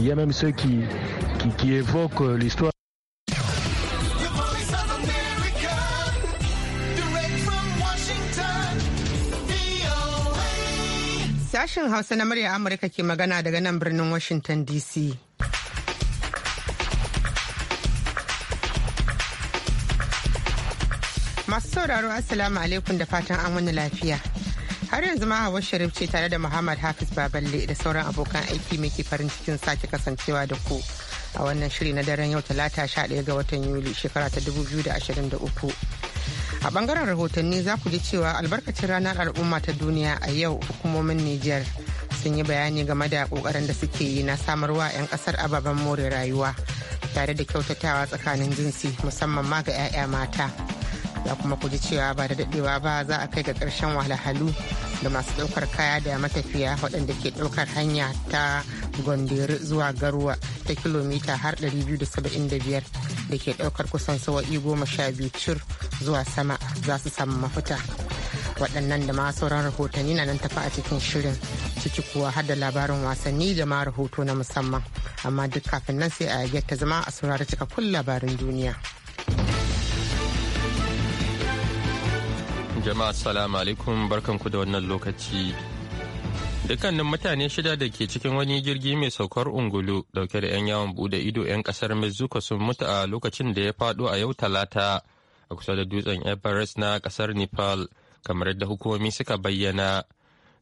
Il y a même ceux qui, qui, qui évoquent euh, l'histoire. Sashen Hausa na murya Amurka ke magana daga nan birnin Washington DC. Masu sauraro Assalamu alaikum da fatan an wani lafiya. Har yanzu ma Hawa Sharif ce tare da Muhammad Hafiz Baballe da sauran abokan aiki muke farin cikin sake kasancewa da ku a wannan shiri na daren yau talata 11 ga watan Yuli shekara ta 2023. A bangaren rahotanni za ku ji cewa albarkacin ranar al'umma ta duniya a yau hukumomin Nijar sun yi bayani game da kokarin da suke yi na samarwa 'yan kasar ababen more rayuwa tare da kyautatawa tsakanin jinsi musamman ma ga 'ya'ya mata. ya kuma ku ji cewa ba da daɗewa ba za a kai ga ƙarshen wahalhalu da masu ɗaukar kaya da matafiya waɗanda ke ɗaukar hanya ta gondere zuwa garuwa ta kilomita har 275 da ke ɗaukar kusan sawa'i goma sha biyu cir zuwa sama za su samu mafita waɗannan da masu sauran rahotanni na nan tafi a cikin shirin ciki kuwa har labarin wasanni da ma rahoto na musamman amma duk kafin nan sai a yage ta zama a saurari cikakkun labarin duniya. Jama'a salamu alaikum barkanku da wannan lokaci. Dukkanin mutane shida da ke cikin wani jirgi mai saukar ungulu dauke da 'yan yawon bude ido 'yan kasar Mexico sun mutu a lokacin da ya fado a yau talata a kusa da dutsen Everest na kasar Nepal kamar yadda hukumomi suka bayyana.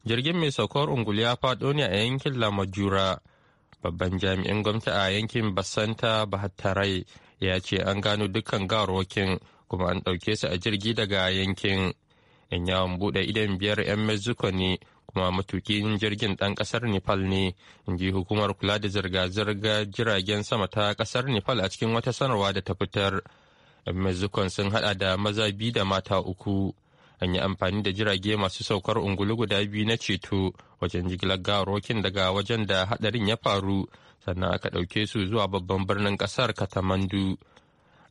Jirgin mai saukar ungulu ya fado ne a yankin Lamajura. Babban jami'in gwamnati a yankin Basanta Bahattarai ya ce an gano dukkan gawarwakin kuma an ɗauke su a jirgi daga yankin. 'yan yawon bude idan biyar 'yan mexico ne kuma matukin jirgin ɗan ƙasar nepal ne in ji hukumar kula da zirga-zirga jiragen sama ta ƙasar nepal a cikin wata sanarwa da ta fitar 'yan mexico sun hada da maza biyu da mata uku an yi amfani da jirage masu saukar ungulu guda biyu na ceto wajen jigilar gawarokin daga wajen da hadarin ya faru sannan aka ɗauke su zuwa babban birnin ƙasar katamandu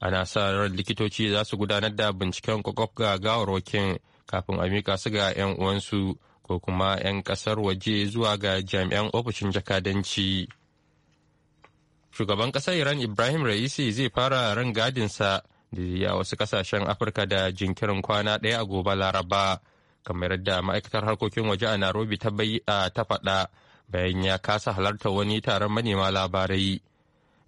ana sa ran likitoci za su gudanar da binciken kwakwaf ga gawarokin kafin a mika su ga 'yan uwansu ko kuma 'yan kasar waje zuwa ga jami'an ofishin jakadanci. Shugaban ƙasar Iran Ibrahim Raisi zai fara ran gadinsa da ya wasu ƙasashen Afirka da jinkirin kwana ɗaya a gobe Laraba, kamar yadda ma'aikatar harkokin waje a Nairobi ta ta faɗa bayan ya kasa halarta wani taron manema labarai.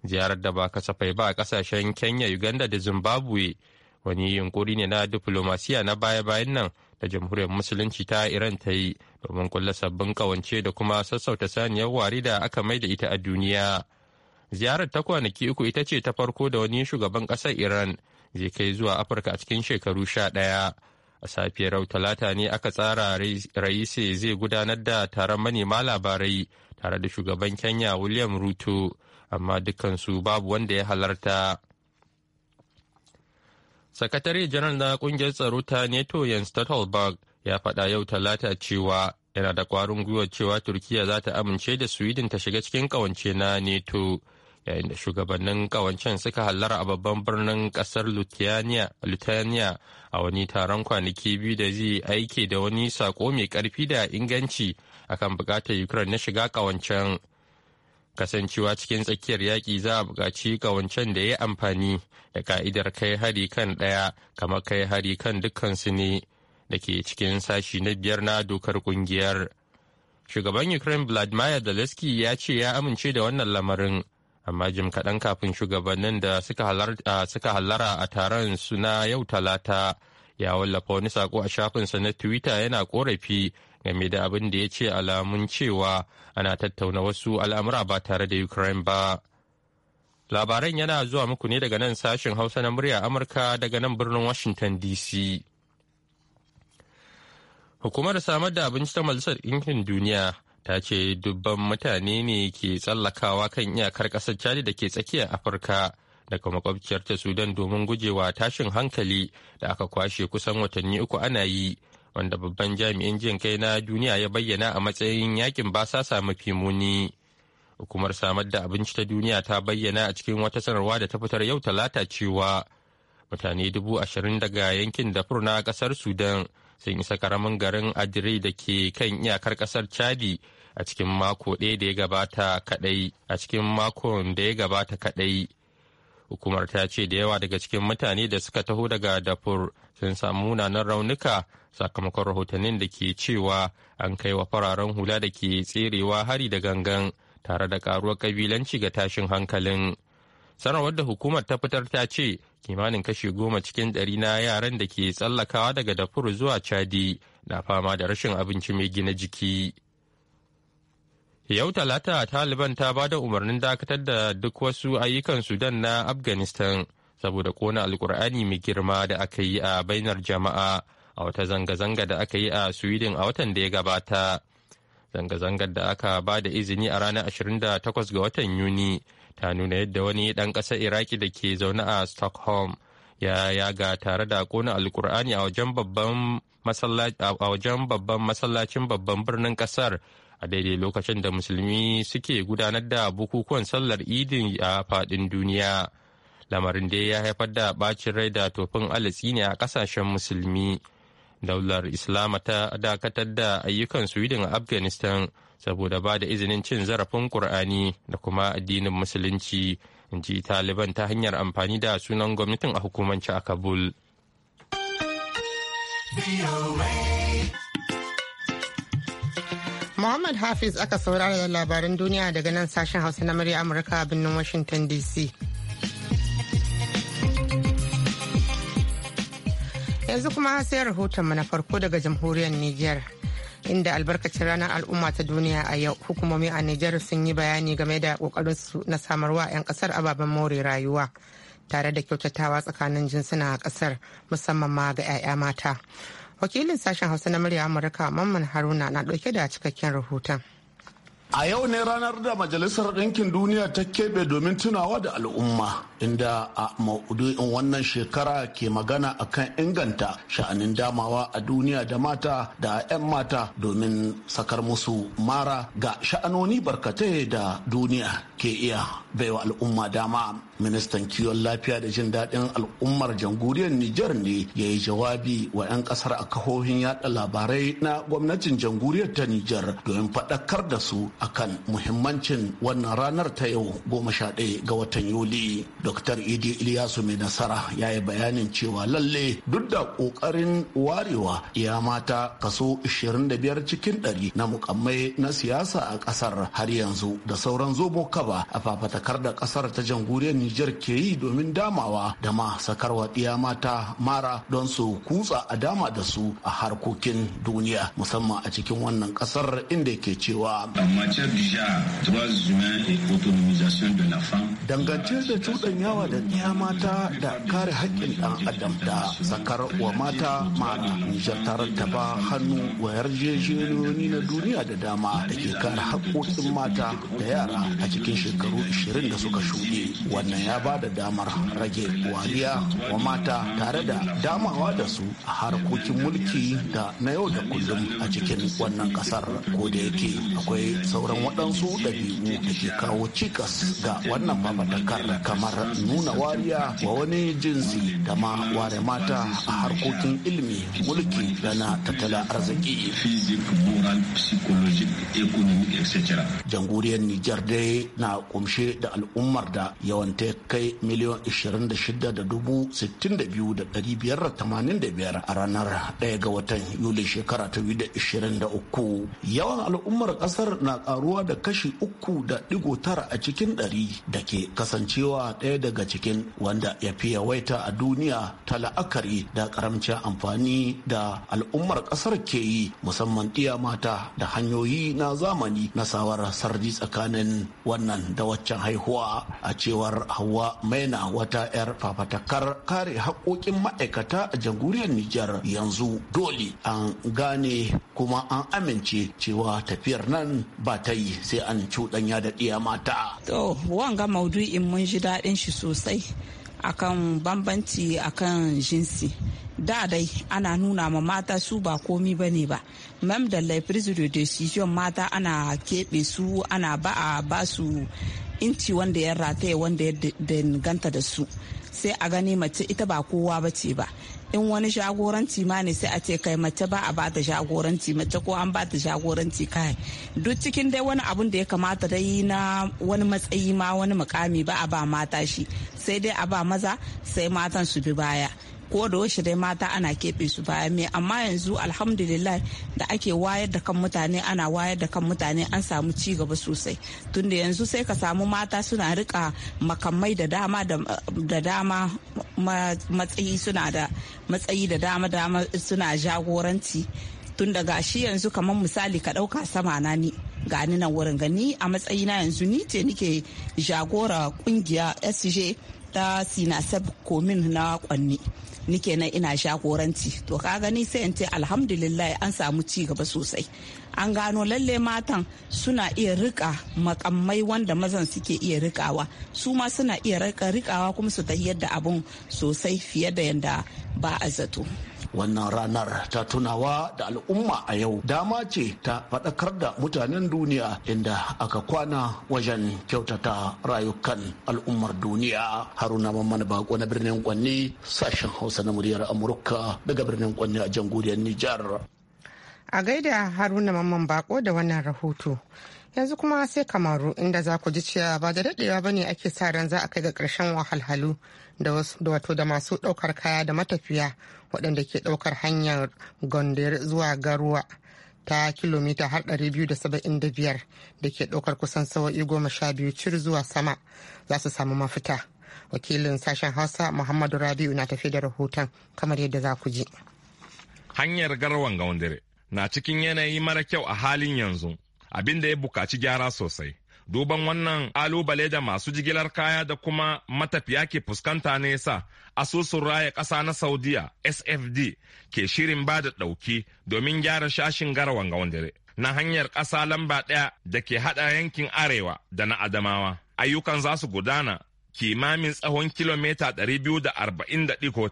Ziyarar da ba kasafai ba a ƙasashen Kenya, Uganda da Zimbabwe wani yunkuri ne na diplomasiya na baya-bayan nan da jamhuriyar musulunci ta iran ta yi domin kulla sabbin kawance da kuma sassauta saniyar wari da aka mai da ita a duniya ziyarar ta kwanaki uku ita ce ta farko da wani shugaban ƙasar iran zai kai zuwa afirka a cikin shekaru sha ɗaya a safiyar rau talata ne aka tsara raise zai gudanar da taron manema labarai tare da shugaban kenya william ruto amma dukansu babu wanda ya halarta sakatare janar na kungiyar tsaro ta neto jens stoltenberg ya faɗa yau talata cewa yana da kwarin gwiwa cewa turkiya za ta amince da sweden ta shiga cikin kawance na neto yayin da shugabannin ƙawancen suka hallara a babban birnin ƙasar lithuania a wani taron kwanaki biyu da zai aike da wani sako mai ƙarfi da inganci akan buƙatar ukraine na shiga ƙawancen kasancewa cikin tsakiyar yaƙi za a buƙaci ƙawancen da ya amfani da ka'idar kai hari kan ɗaya kamar kai hari kan dukkansu ne da ke cikin sashi na biyar na dokar ƙungiyar. Shugaban Ukraine Vladimir Zelensky ya ce ya amince da wannan lamarin, amma jim kaɗan kafin shugabannin da suka hallara a taron suna yau talata ya wallafa wani sako a shafinsa na Twitter yana korafi. game da abin da ya ce alamun cewa ana tattauna wasu al'amura ba tare da Ukraine ba. Labaran yana zuwa muku ne daga nan sashen Hausa na murya Amurka daga nan birnin Washington DC. Hukumar samar da abinci ta Majalisar Ɗinkin Duniya ta ce dubban mutane ne ke tsallakawa kan iyakar ƙasar Chad da ke tsakiyar Afirka. daga makwabciyar ta sudan domin gujewa tashin hankali da aka kwashe kusan watanni uku ana yi wanda babban jami'in jin kai na duniya ya bayyana a matsayin yakin basasa mafi muni. Hukumar samar da abinci ta duniya ta bayyana a cikin wata sanarwa da ta fitar yau talata cewa mutane dubu ashirin daga yankin da na kasar Sudan sun isa karamin garin Adire da ke kan iyakar kasar Chadi a cikin mako ɗaya da ya gabata kaɗai a cikin makon da ya gabata kaɗai. Hukumar ta ce da yawa daga cikin mutane da suka taho daga dafur sun samu munanan raunuka sakamakon rahotannin da ke cewa an kai wa fararen hula da ke tserewa hari da gangan tare da karuwar kabilanci ga tashin hankalin. sanarwar da hukumar ta fitar ta ce kimanin kashi goma cikin ɗari na yaran da ke tsallakawa daga dafur zuwa chadi na fama da rashin abinci mai gina jiki. Yau Talata Taliban ta ba da umarnin dakatar da duk wasu ayyukan Sudan na Afghanistan saboda kona alkur'ani mai girma da aka yi a bainar jama'a a wata zanga-zanga da aka yi a Sweden a watan da ya gabata. Zanga-zangar da aka ba da izini a ranar 28 ga watan Yuni ta nuna yadda wani ɗan ƙasa Iraki da ke zaune a Stockholm ya yaga tare da kona alkur'ani a wajen babban masallacin babban birnin ƙasar a daidai lokacin da musulmi suke gudanar da bukukuwan sallar idin a fadin duniya lamarin dai ya haifar da bacin rai da tofin alatsi ne a kasashen musulmi daular islama ta dakatar da ayyukan sweden a afghanistan saboda ba da izinin cin zarafin kur'ani da kuma addinin musulunci in ji taliban ta hanyar amfani da sunan gwamnatin a hukumanci a kabul. Muhammad Hafiz aka saurara da labaran duniya daga nan sashen Hausa na murya Amurka a birnin Washington DC. Yanzu kuma sai rahotonmu na farko daga jamhuriyar Nijar. Inda albarkacin ranar al'umma ta duniya a yau hukumomi a Nijar sun yi bayani game da su na samarwa 'yan kasar ababen more rayuwa tare da kyautatawa tsakanin jinsuna a kasar musamman ma ga 'ya'ya mata. wakilin sashen hausa na murya amurka mamman haruna na dauke da cikakken rahoton A yau ne ranar da Majalisar Ɗinkin Duniya ta keɓe domin tunawa da al'umma, inda a maudu'in wannan shekara ke magana akan inganta sha'anin damawa a duniya da mata da 'yan mata domin sakar musu mara ga sha'anoni barkatai da duniya ke iya baiwa al'umma dama. ministan kiwon lafiya da jin daɗin al'ummar jamhuriyar nijar ne ya yi jawabi wa 'yan ƙasar a kahohin yada labarai na gwamnatin jamhuriyar ta nijar domin faɗakar da su akan muhimmancin wannan ranar ta yau goma sha ga watan yuli dr idi iliyasu mai nasara ya yi bayanin cewa lalle duk da ƙoƙarin warewa ya mata kaso 25 cikin 100 na mukammai na siyasa a ƙasar har yanzu da sauran zobo kaba a fafatakar da ƙasar ta jamhuriyar Nijar ke yi domin damawa da ma sakarwa ɗiya mata mara don su kutsa a dama da su a harkokin duniya musamman a cikin wannan ƙasar inda ke cewa. Dangance da cuɗanyawa da ɗiya mata da kare haƙƙin ɗan adam da sakar wa mata mara Nijar ta rattaba hannu wa yarjejeniyoyi na duniya da dama da ke kare haƙƙoƙin mata da yara a cikin shekaru 20 da suka shuɗe wannan ya ba da damar rage wariya wa mata tare da damawa da su a harkokin mulki da na yau da kullum a cikin wannan kasar ko da yake akwai sauran waɗansu ɗabi'u da ke kawo cikas ga wannan mamatakar kamar nuna wariya wa wani jinsi da ma ware mata a harkokin ilimi mulki da na tattala arziki jamhuriyar nijar dai na kumshe da al'ummar da yawanta ya kai miliyan 26,062,585 a ranar 1 ga watan Yuli shekara ta 2023. Yawan al'ummar kasar na karuwa da kashi uku da tara a cikin ɗari da ke kasancewa ɗaya daga cikin wanda ya fi yawaita a duniya ta la'akari da karamcin amfani da al'ummar kasar ke yi musamman iya mata da hanyoyi na zamani na sawar sardi tsakanin wannan da waccan haihuwa a cewar Hauwa Maina wata 'yar fafatakar kare haƙoƙin ma'aikata a jamhuriyar Nijar yanzu dole an gane kuma an amince cewa tafiyar nan ba ta yi sai an cuɗanya da ɗiya mata. To, wanga maudu'in mun ji daɗin shi sosai akan bambanci akan jinsi. da dai ana nuna ma mata su ba komi ba ne ba mem da laifin de decision mata ana keɓe su ana ba a ba inci wanda ya rataye wanda ya danganta da su sai a gani mace ita ba kowa ba ce ba in wani shagoranci ma ne sai a ce kai mace ba a bata shagoranci mace ko an bata shagoranci kai duk cikin dai wani abun da ya kamata dai na wani matsayi ma wani mukami ba a ba mata shi sai dai a ba maza sai matan su bi baya ko da washe dai mata ana keɓe su baya me amma yanzu alhamdulillah da ake wayar da kan mutane ana wayar da kan mutane an samu ci gaba sosai tunda yanzu sai ka samu mata suna rika makamai da dama da dama matsayi suna da matsayi da dama dama suna jagoranci tun daga shi yanzu kamar misali ka ɗauka sama na ni gani nan wurin gani a matsayina yanzu ni ce nike jagora kungiya sj ta sinasab komin na kwanni nike nan ina shakoranci to ka gani sai in ce alhamdulillah an samu ci gaba sosai an gano lalle matan suna iya rika makamai wanda mazan suke iya rikawa su ma suna iya rikawa kuma su tahiyar da abun sosai fiye da yadda ba a zato wannan ranar ta tunawa da al'umma a yau dama ce ta faɗakar da mutanen duniya inda aka kwana wajen kyautata rayukan al'ummar duniya haruna mamman bako na birnin kwanni sashen hausa na muryar amurka daga birnin kwanni a jamhuriyar nijar a gaida haruna mamman bako da wannan rahoto yanzu kuma sai kamaru inda za ku ji cewa ba da daɗewa ba ne ake sa ran za a kai ga ƙarshen wahalhalu da wato da masu ɗaukar kaya da matafiya waɗanda ke ɗaukar hanyar gondar zuwa garuwa ta kilomita har ɗari biyu da saba'in da da biyar ke ɗaukar kusan sawa'i goma sha biyu cir zuwa sama za su samu mafita wakilin sashen hausa muhammadu rabiu na tafi da rahoton kamar yadda za ku ji hanyar garwan gaundare na cikin yanayi mara kyau a halin yanzu abin da ya bukaci gyara sosai. Duban wannan alubale da masu jigilar kaya da kuma matafiya ke fuskanta ne sa asusun raya ƙasa na Saudiya SFD ke shirin ba da ɗauki domin gyara shashin garawan gaundare na hanyar ƙasa lamba ɗaya da ke haɗa yankin arewa da na Adamawa. Ayyukan za su gudana kimamin tsawon kilomita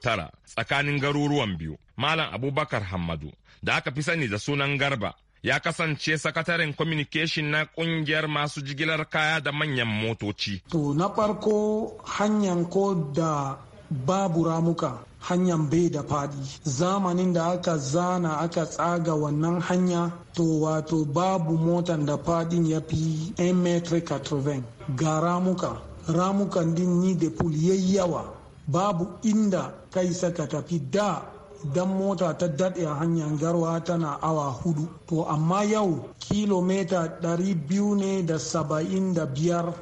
tara tsakanin garuruwan biyu. Malam Abubakar Hammadu da aka fi sani da sunan Garba ya kasance sakataren communication na kungiyar masu jigilar kaya da manyan motoci. To na farko hanyar ko da babu ramuka hanyar bai da faɗi zamanin da aka zana aka tsaga wannan hanya to wato babu motan da faɗin ya fi 1 ga ramuka ramukan din ni da pul yawa babu inda kai saka tafi da dan mota ta daɗe a hanyar garwa tana awa hudu to amma yau kilomita biyu da saba'in 275 biyar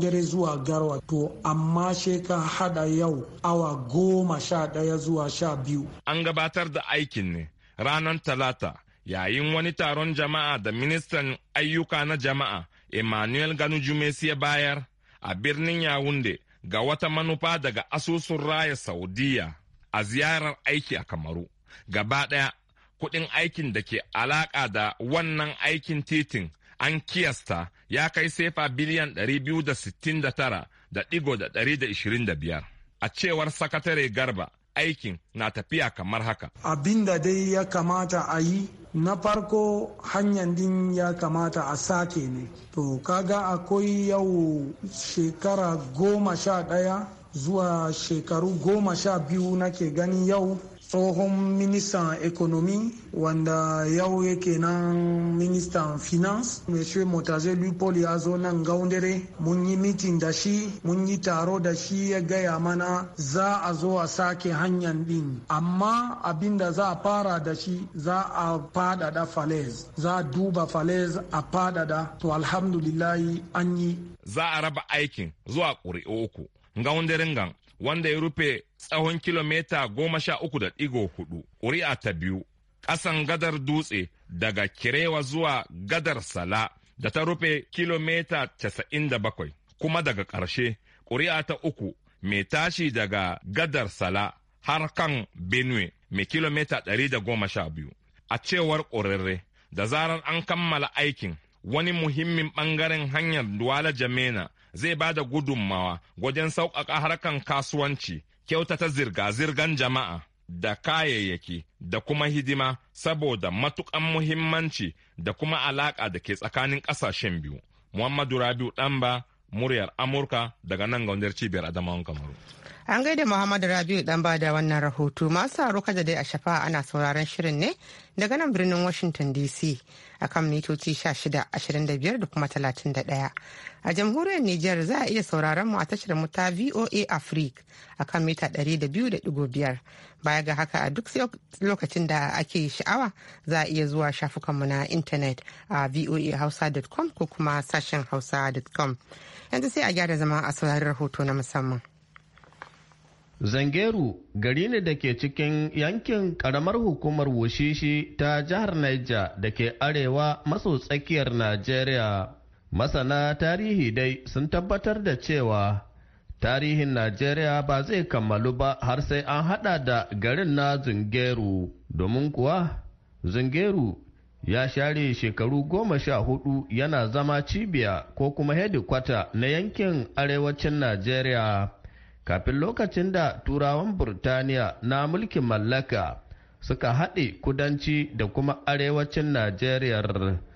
dare zuwa garwa to amma sheka hada yau awa goma sha ɗaya zuwa sha biyu an gabatar da aikin ne ranar talata yayin wani taron jama'a da ministan ayyuka na jama'a emmanuel ganu ganujumesi ya bayar a birnin yawunde ga wata manufa daga asusun raya saudiya a ziyarar aiki a kamaru gaba ɗaya kuɗin aikin da ke alaƙa da wannan aikin titin an kiyasta ya kai sefa biliyan 269.125 a cewar sakatare garba aikin na tafiya kamar haka. Abin da dai ya kamata a yi na farko hanyar din ya kamata a sake ne. To kaga akwai yau shekara goma sha ɗaya zuwa shekaru goma sha biyu nake gani yau tsohon ministan economy wanda yau yake nan ministan finance monsieur motaze lupol ya zo nan gaundare mun yi mitin da shi mun yi taro da shi ya gaya mana za a zo a sake hanyar din amma abin da za a fara da shi za a fadada falez za a duba falez a fadada to alhamdulillahi an yi za a raba aikin zuwa ƙuri'u uku Ngaundiringan wanda ya rufe tsawon kilomita goma sha uku da ɗigo hudu. Ƙuri'a ta biyu, ƙasan gadar dutse daga Kirewa zuwa gadar Sala da ta rufe kilomita casa'in da bakwai. Kuma daga ƙarshe, ƙuri'a ta uku mai tashi daga gadar Sala har kan Benue mai kilomita ɗari da goma sha biyu. A cewar ƙorarre, da zarar an kammala aikin wani muhimmin ɓangaren hanyar Duwala Jamena zai ba da gudunmawa wajen sauƙaƙa harkan kasuwanci kyautata zirga-zirgan jama'a da kayayyaki da kuma hidima saboda matuƙan muhimmanci da kuma alaƙa da ke tsakanin ƙasashen biyu. Muhammadu Rabiu ɗan ba muryar Amurka daga nan gaunar cibiyar Adamawan Kamaru. An gaida Muhammadu Rabiu dan bada wannan rahoto masu haro kada dai a shafa ana sauraron shirin ne daga nan birnin Washington DC a kan mitoci 1625 da kuma 31. A jamhuriyar Nijar za a iya sauraron mu a tashar mu ta VOA Africa a kan mita 200.5. Baya ga haka a duk lokacin da ake sha'awa za a iya zuwa shafukanmu na intanet a voahausa.com ko kuma sashen hausa.com. Yanzu sai a gyara zama a saurari rahoto na musamman. Zangeru gari ne da ke cikin yankin karamar hukumar Wushishi ta jihar Niger da ke arewa maso tsakiyar Najeriya. Masana tarihi dai sun tabbatar da cewa tarihin Najeriya ba zai kammalu ba har sai an hada da garin na Zungeru. Domin kuwa Zungeru ya share shekaru goma sha hudu yana zama cibiya ko kuma hedikwata na yankin arewacin Najeriya. kafin lokacin da turawan burtaniya na mulkin mallaka suka haɗe kudanci da kuma arewacin najeriya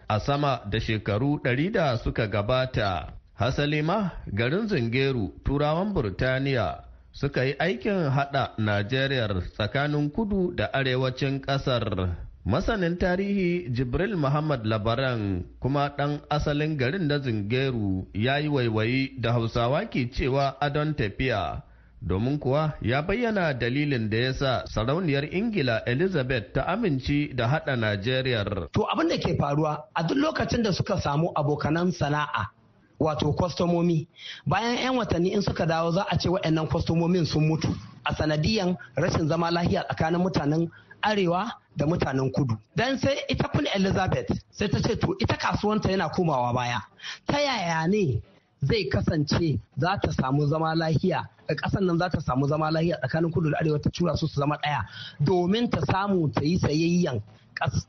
a sama da shekaru ɗari da suka gabata hasali ma garin zingeru turawan burtaniya suka yi aikin haɗa najeriya tsakanin kudu da arewacin ƙasar Masanin tarihi Jibril Muhammad Labaran kuma ɗan asalin garin na Zingeru ya yi waiwayi da Hausawa ke cewa adon tafiya, domin kuwa ya bayyana dalilin da ya sa sarauniyar Ingila Elizabeth ta amince da haɗa nigeria. To abin da ke faruwa a duk lokacin da suka samu abokanan sana'a wato kwastomomi bayan 'yan watanni in suka dawo za a ce waɗannan kwastomomin sun mutu a sanadiyan rashin zama lahiya tsakanin mutanen arewa da mutanen kudu dan sai ita kun elizabeth sai ta ce to ita kasuwanta yana komawa baya ta yaya ne zai kasance za ta samu zama lahiya kasan nan za ta samu zama lahiya tsakanin kudu da arewa ta cura su su zama ɗaya domin ta samu ta yi sayayyan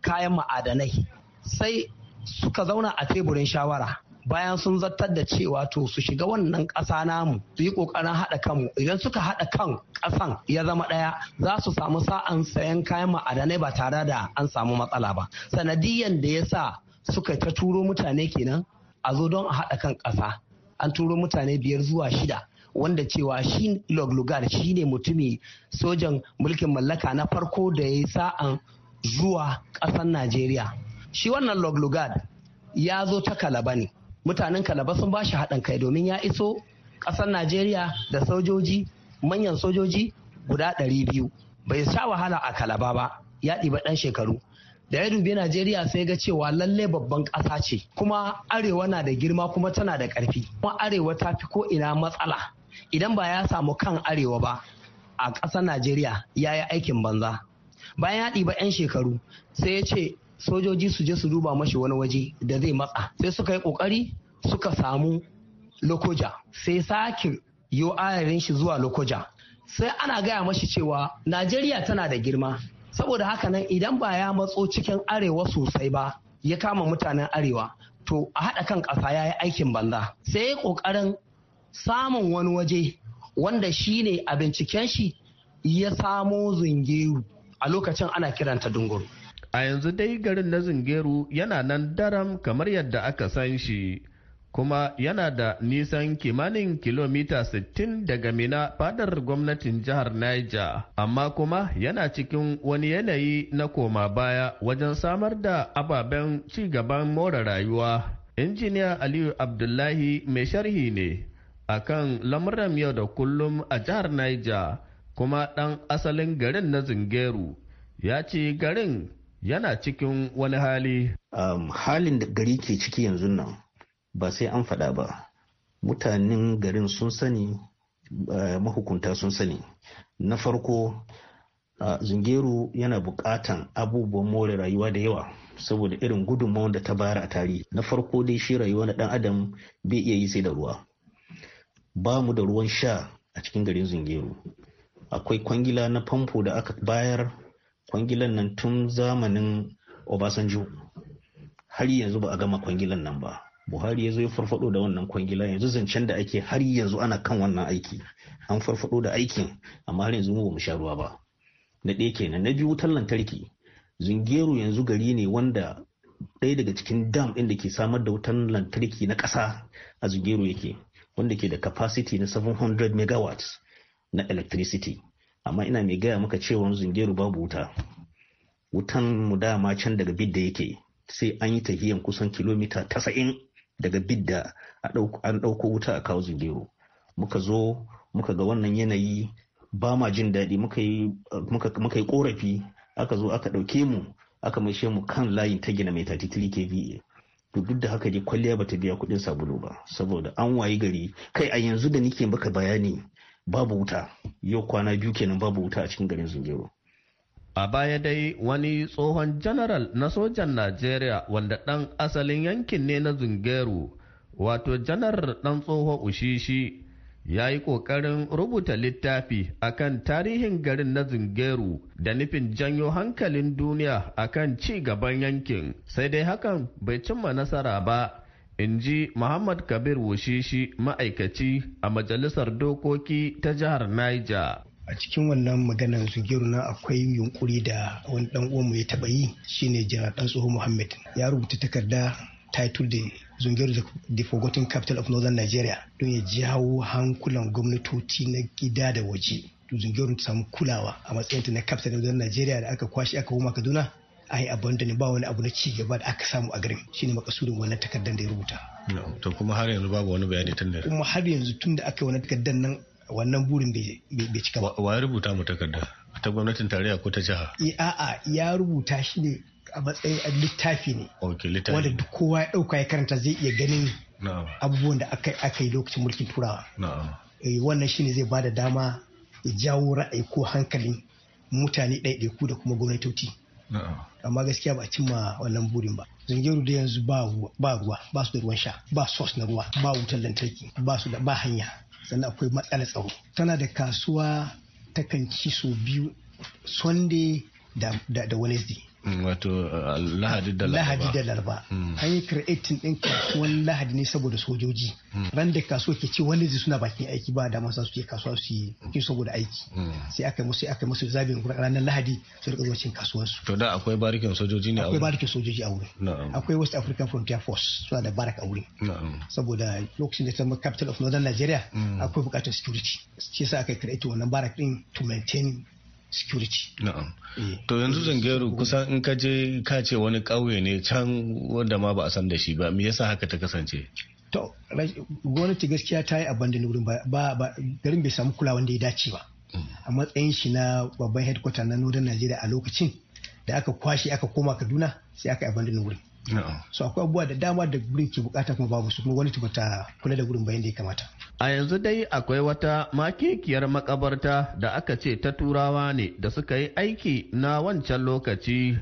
kayan ma'adanai sai suka zauna a teburin shawara bayan sun zartar da cewa to su shiga wannan ƙasa namu su yi ƙoƙarin haɗa kanmu idan suka haɗa kan ƙasan ya zama ɗaya za su samu sa'an sayan kayan ma'adanai ba tare da an samu matsala ba sanadiyan da ya sa suka ta turo mutane kenan a zo don a haɗa kan ƙasa an turo mutane biyar zuwa shida wanda cewa shi loglugar shi ne mutumi sojan mulkin mallaka na farko da ya yi sa'an zuwa ƙasar najeriya shi wannan loglugard ya zo ta kalaba ne mutanen kalaba sun ba shi haɗin kai domin ya iso ƙasar najeriya da sojoji manyan sojoji guda ɗari biyu bai sha wahala a kalaba ba ya ɗiba ɗan shekaru da ya dubi najeriya sai ga cewa lalle babban ƙasa ce kuma arewa na da girma kuma tana da ƙarfi kuma arewa ta fi ko ina matsala idan ba ya samu kan arewa ba a ƙasar najeriya ya yi aikin banza bayan ya ɗiba 'yan shekaru sai ya ce sojoji su je su duba mashi wani waje da zai matsa sai suka yi kokari suka samu lokoja sai sake yo ayarin shi zuwa lokoja sai ana gaya mashi cewa najeriya tana da girma saboda haka nan idan ba ya matso cikin arewa sosai ba ya kama mutanen arewa to a haɗa kan ƙasa ya yi aikin banza sai ƙoƙarin samun wani waje wanda shi ne a binciken shi ya samo zungeru a lokacin ana kiranta dunguru A yanzu dai garin na Zingeru yana nan daram kamar yadda aka san shi, kuma yana da nisan kimanin kilomita 60 daga Mina fadar gwamnatin jihar Niger, amma kuma yana cikin wani yanayi na koma baya wajen samar da ababen ci gaban more rayuwa. Injiniya Aliyu Abdullahi mai sharhi ne a kan lamuran yau da kullum a jihar Niger, kuma ɗan asalin garin na Zingeru, ya ce garin yana cikin wani hali. Um, halin da gari ke ciki yanzu nan ba sai an faɗa ba. Mutanen garin sun sani, uh, mahukunta sun sani. Na farko, uh, zungeru yana buƙatan abubuwan more rayuwa da yawa. saboda irin gudunmawar da ta bayar a tarihi na farko dai shi rayuwa na dan adam bai iya yi sai da ruwa ba mu da ruwan sha a cikin garin zungeru akwai kwangila na famfo da aka bayar kwangilan nan tun zamanin obasanjo har yanzu ba a gama kwangilan nan ba buhari ya zo ya farfado da wannan kwangila yanzu zancen da ake har yanzu ana kan wannan aiki an farfado da aikin amma har yanzu mu ba mu sha ruwa ba na ɗaya kenan na biyu wutar lantarki zungeru yanzu gari ne wanda ɗaya daga cikin dam ɗin da ke samar da wutar lantarki na ƙasa a zungeru yake wanda ke da capacity na 700 megawatts na electricity amma ina mai gaya maka cewa zungeru babu wuta wutan mu dama can daga bidda yake sai an yi tahiyan kusan kilomita tasa'in daga bidda an ɗauko wuta a kawo zungeru muka zo muka ga wannan yanayi ba ma jin daɗi muka yi korafi aka zo aka ɗauke mu aka maishe mu kan layin ta gina mai 33 kva to duk da haka dai kwalliya bata biya kuɗin sabulu ba saboda an wayi gari kai a yanzu da nike maka bayani babu wuta yau kwana biyu kenan babu wuta a cikin garin a baya dai wani tsohon janaral na sojan najeriya wanda dan asalin yankin ne na zungeru wato janar ɗan tsoho ushishi ya yi ƙoƙarin rubuta littafi akan tarihin garin na zungeru da nufin janyo hankalin duniya akan ci gaban yankin sai dai hakan bai cimma nasara ba in ji Muhammad Kabir Wushishi ma'aikaci a Majalisar Dokoki ta Jihar Niger. a cikin wannan maganar zugiru na akwai yunkuri da wani dan uwanmu ya taba yi shine janar dan tsohon muhammad ya rubuta takarda title da zungiru the forgotten capital of northern nigeria don ya jawo hankulan gwamnatoci na gida da waje zungiru ta samu kulawa a matsayinta na capital of northern nigeria da aka kwashe aka koma kaduna a yi abandoning ba wani abu na ci gaba da aka samu a garin shine makasudin wannan takardar da ya rubuta to kuma har yanzu babu wani bayani tun da kuma har yanzu tun da aka yi wannan takardar nan wannan burin bai cika ba wa ya rubuta mu takarda ta gwamnatin tarayya ko ta jiha eh, a'a ya rubuta shi ne a matsayin littafi ne wanda duk kowa ya dauka ya karanta zai iya ganin abubuwan da aka yi lokacin mulkin turawa eh, wannan shine zai bada dama ya jawo ra'ayi ko hankalin mutane ɗaiɗaiku da kuma gwamnatoci amma gaskiya ba a cimma wannan burin ba zangeru da yanzu ba ruwa ba su da ruwan sha ba sos na ruwa ba wutar lantarki ba su da ba hanya sannan akwai matsalar tsaro tana da kasuwa takan ci so biyu sunday da, da, da Mm, wato uh, lahadi da laraba lahadi da laraba mm. an yi creating din kasuwan lahadi ne saboda sojoji mm. ran da kasuwa ke ce wani zai suna bakin aiki ba da masu suke kasuwa su yi kin saboda aiki sai aka musu aka musu zabin ranar lahadi su rika zuwa cin kasuwar su to da akwai barikin sojoji ne akwai barikin sojoji a wurin akwai West African Frontier Force suna da barak a wurin saboda lokacin da ta zama capital of Northern Nigeria akwai bukatar security shi yasa aka create wannan barak din to maintain security na'am eh. to yanzu eh, zangero kusan in ka je ka ce wani ƙauye ne can wanda ma ba a san da shi ba me yasa haka ta kasance to gwamnati gaskiya ta yi abandon wurin ba garin bai samu kula wanda ya dace ba mm. a matsayin shi na babban headquarter na northern nigeria a lokacin da aka kwashe aka koma Kaduna sai aka abandon wurin so akwai abubuwa da dama da gurin ke bukata kuma babu su kuma gwamnati bata kula da gurin bayan da ya kamata a yanzu dai akwai wata makekiyar makabarta da aka ce ta turawa ne da suka yi aiki na wancan lokaci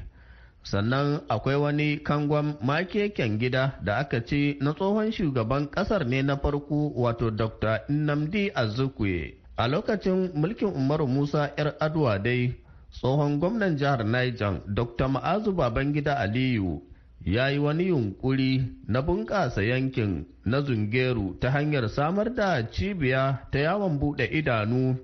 sannan akwai wani kangon makeken gida da aka ce na tsohon shugaban kasar ne na farko wato dr nnamdi azukwe a lokacin mulkin umaru musa yar adwa dai tsohon gwamnan jihar niger dr ma'azu babangida aliyu ya yi wani yunkuri na bunƙasa yankin na zungeru ta hanyar samar da cibiya ta yawon buɗe idanu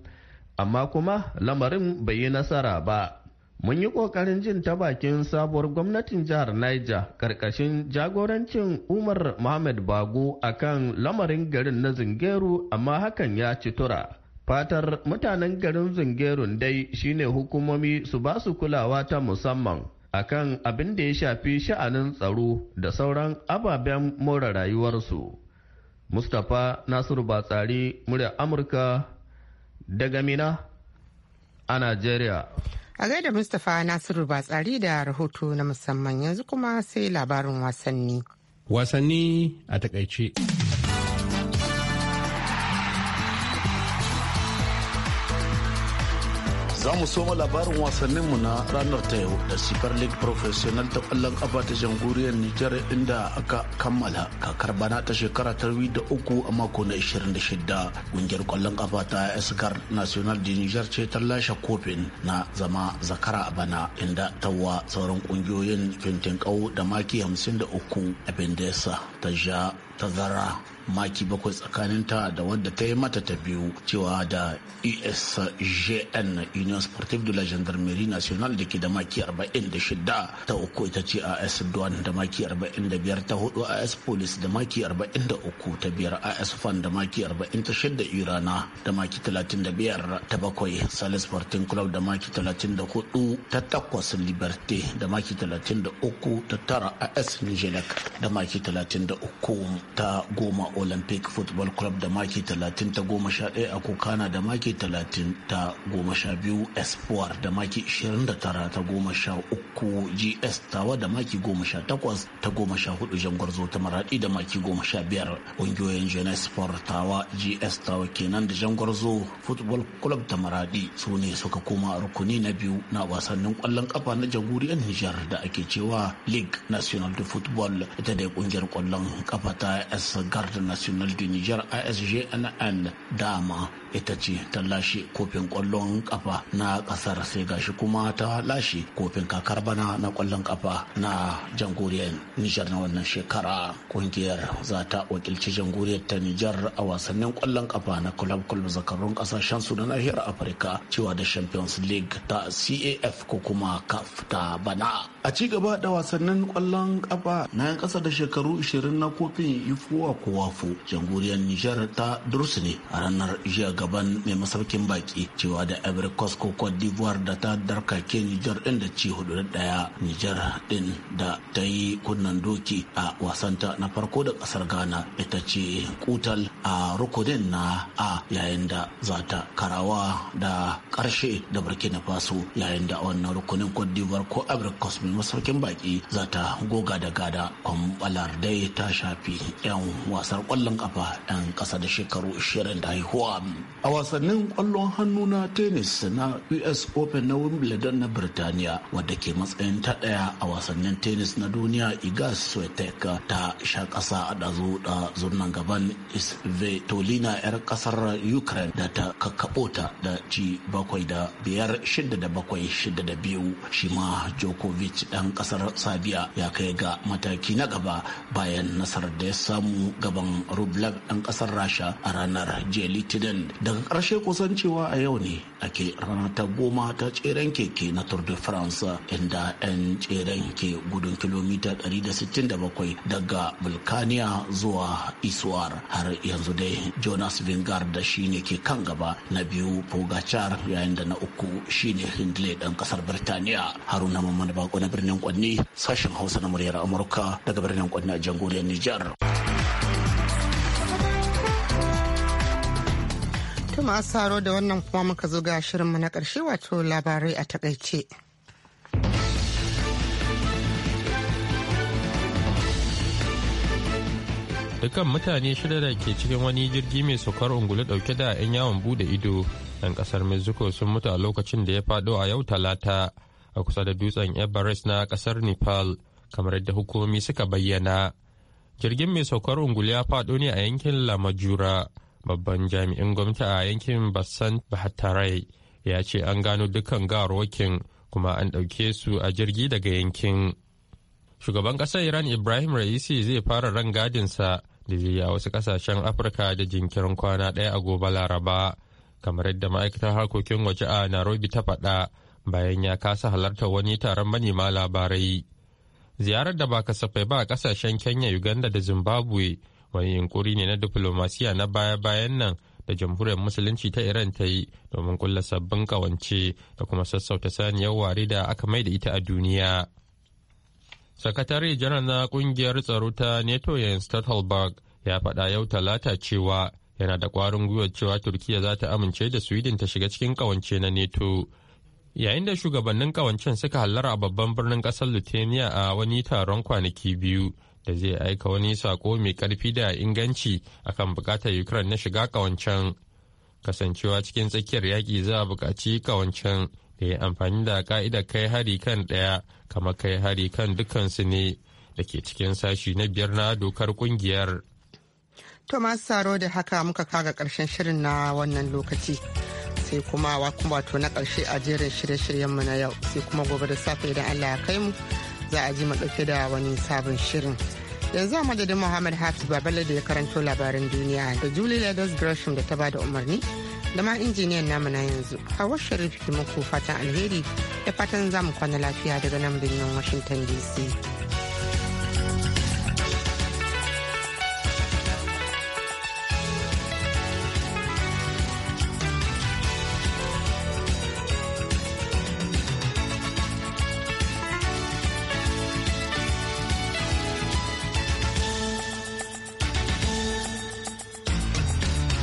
amma kuma lamarin bai yi nasara ba mun yi ƙoƙarin jin ta bakin sabuwar gwamnatin jihar niger ƙarƙashin jagorancin umar mohamed bago kan lamarin garin na zungeru amma hakan ya ci tura fatar mutanen garin zungerun dai shine hukumomi su ba su kulawa ta musamman akan abin da ya shafi sha'anin tsaro da sauran ababen more rayuwarsu. Mustapha Nasiru Batsari murya Amurka daga Mina a Najeriya. A gaida Mustapha Nasiru Batsari da rahoto na musamman yanzu kuma sai labarin wasanni. Wasanni a takaice. Za mu soma labarin wasanninmu na ranar ta yau da Super League Professional ta kwallon kafa ta jamhuriyar Nijar inda aka kammala kakar bana ta shekara ta da uku a mako na 26. Kungiyar kwallon kafa ta iskar National de Nijar ce ta lashe kofin na zama zakara a bana inda tawa sauran kungiyoyin fintin kau da maki 53 abin da ya sa ta ja tazara maki bakwai tsakaninta da wadda ta yi mata ta biyu cewa da esjn union sportive de la gendarmerie nationale da ke da maki 46 ta uku ita ce as duan da maki 45 ta hudu as police da maki 43 ta biyar as fan da maki 46 irana da maki 35 ta bakwai salis sporting club da maki 34 ta takwas liberté da maki 33 ta tara as nijelek da maki 33 ta goma olympic football club da maki 30 ta goma sha ɗaya a kokana da maki 30 ta goma sha biyu espoir da maki 29 ta goma sha uku gs tawa da maki goma sha takwas ta goma sha hudu jangwarzo ta maradi da maki goma sha biyar ƙungiyoyin jenespor tawa gs tawa kenan da jangwarzo football club ta maradi su ne suka koma rukuni na biyu na wasannin kwallon kafa na jagoriyar nijar da ake cewa league national de football ita dai kungiyar kwallon kafa ta as garde national du niger asgnn dama ita ce ta lashe kofin kwallon kafa na kasar sai gashi kuma ta lashe kofin kakar bana na kwallon kafa na jamhuriyar nijar na wannan shekara kungiyar za ta wakilci jamhuriyar ta nijar a wasannin kwallon kafa na club club zakarun kasashen su na nahiyar afirka cewa da champions league ta caf ko kuma caf ta bana a ci gaba da wasannin kwallon kafa na yan kasa da shekaru 20 na kofin ifuwa ko wafo jamhuriyar nijar ta dursune a ranar jiya gaban mai masaukin baki cewa da ivory coast ko cote d'ivoire da ta darkake nijar din da ci hudu da daya nijar din da ta yi kunnan doki a wasanta na farko da kasar ghana ita ce kutal a rukunin na a yayin da za ta karawa da karshe da burkina faso yayin da wannan rukunin cote d'ivoire ko ivory coast mai masaukin baki za ta goga da gada kwambalar dai ta shafi 'yan wasar kwallon kafa 'yan kasa da shekaru 20 da haihuwa a wasannin kwallon hannu na tennis na us open na wimbledon na birtaniya wadda ke matsayin ta daya a wasannin tennis na duniya iga swiatek ta sha ƙasa a dazu da zurnan gaban isvetolina yar ƙasar ukraine da ta kakkaɓota da ci bakwai da biyar shida da bakwai shida da biyu shi ma djokovic ɗan ƙasar sabia ya kai ga mataki na gaba bayan nasarar da ya samu gaban rublev ɗan ƙasar rasha a ranar jiya litinin daga ƙarshe kusan a yau ne ake rana ta goma ta tseren keke na tour de france inda 'yan tseren ke gudun kilomita 167 daga vulcania zuwa Isuwar. har yanzu dai jonas vingard da shine ke kan gaba na biyu pogachar yayin da na uku shine Hindle dan kasar birtaniya haruna mamman bako na birnin kwanni sashen hausa na muryar amurka daga birnin kwanni a jamhuriyar Niger. To masu saro da wannan kuma muka zo ga shirinmu na ƙarshe wato labarai a takaice. Dukan mutane shida da ke cikin wani jirgi mai saukar ungulu ɗauke da 'yan yawon bude ido 'yan ƙasar Mexico sun mutu a lokacin da ya faɗo a yau talata a kusa da dutsen Everest na ƙasar Nepal kamar yadda hukumomi suka bayyana. Jirgin mai saukar ungulu ya faɗo ne a yankin Lamajura. babban jami'in gwamnati a yankin basan Bahattarai ya ce an gano dukkan garokin kuma an ɗauke su a jirgi daga yankin. Shugaban ƙasar Iran Ibrahim Raisi zai fara rangadinsa da zai yi a wasu ƙasashen Afirka da jinkirin kwana ɗaya a gobe Laraba, kamar yadda ma'aikatar harkokin waje a Nairobi ta faɗa bayan ya kasa halarta wani taron manema labarai. Ziyarar da ba kasafai ba a ƙasashen Kenya, Uganda da Zimbabwe wani yunkuri ne na diplomasiya na baya-bayan nan da jamhuriyar musulunci ta iran ta yi domin kulla sabbin kawance da kuma sassauta saniyar ware da aka mai da ita a duniya sakatare janar na kungiyar tsaro ta neto yan stadtholberg ya faɗa yau talata cewa yana da ƙwarin gwiwar cewa turkiya za ta amince da sweden ta shiga cikin kawance na neto yayin da shugabannin kawancen suka hallara a babban birnin kasar lithuania a wani taron kwanaki biyu da zai aika wani sako mai karfi da inganci akan bukatar ukraine na shiga kawancen kasancewa cikin tsakiyar yaƙi za a buƙaci kawancen da ya amfani da ka'idar kai hari kan ɗaya kamar kai hari kan dukansu ne da ke cikin sashi na biyar na dokar ƙungiyar. Thomas saro da haka muka kaga karshen shirin na wannan lokaci sai kuma wato na karshe a jerin shirye-shiryenmu na yau sai kuma gobe da safe idan allah ya kai mu za a ji mu ɗauke da wani sabon shirin. yanzu a madadin Muhammad Hafiz Babalar da ya karanto labaran duniya da Julie Ladas Gresham da ta ba da umarni da ma injiniyan namu na yanzu. Hawa Sharif ki muku fatan alheri da fatan zamu kwana lafiya daga nan birnin washinton DC.